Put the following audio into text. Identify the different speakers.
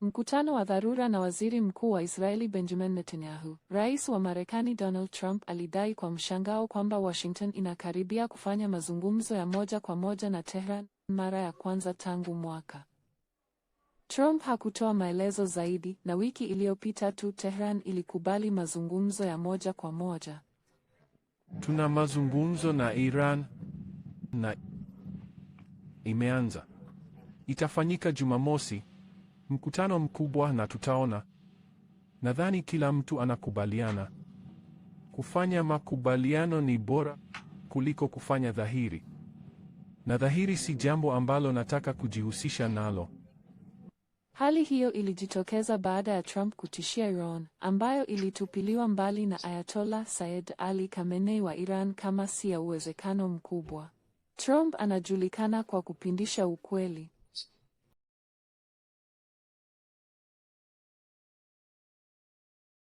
Speaker 1: Mkutano wa dharura na waziri mkuu wa Israeli Benjamin Netanyahu. Rais wa Marekani Donald Trump alidai kwa mshangao kwamba Washington inakaribia kufanya mazungumzo ya moja kwa moja na Tehran mara ya kwanza tangu mwaka. Trump hakutoa maelezo zaidi na wiki iliyopita tu Tehran ilikubali mazungumzo ya moja kwa moja.
Speaker 2: Tuna mazungumzo na Iran na imeanza. Itafanyika Jumamosi. Mkutano mkubwa na tutaona. Nadhani kila mtu anakubaliana. Kufanya makubaliano ni bora kuliko kufanya dhahiri. Na dhahiri si jambo ambalo nataka kujihusisha nalo.
Speaker 1: Hali hiyo ilijitokeza baada ya Trump kutishia Iran, ambayo ilitupiliwa mbali na Ayatollah Said Ali Khamenei wa Iran kama si ya uwezekano mkubwa. Trump anajulikana kwa kupindisha ukweli.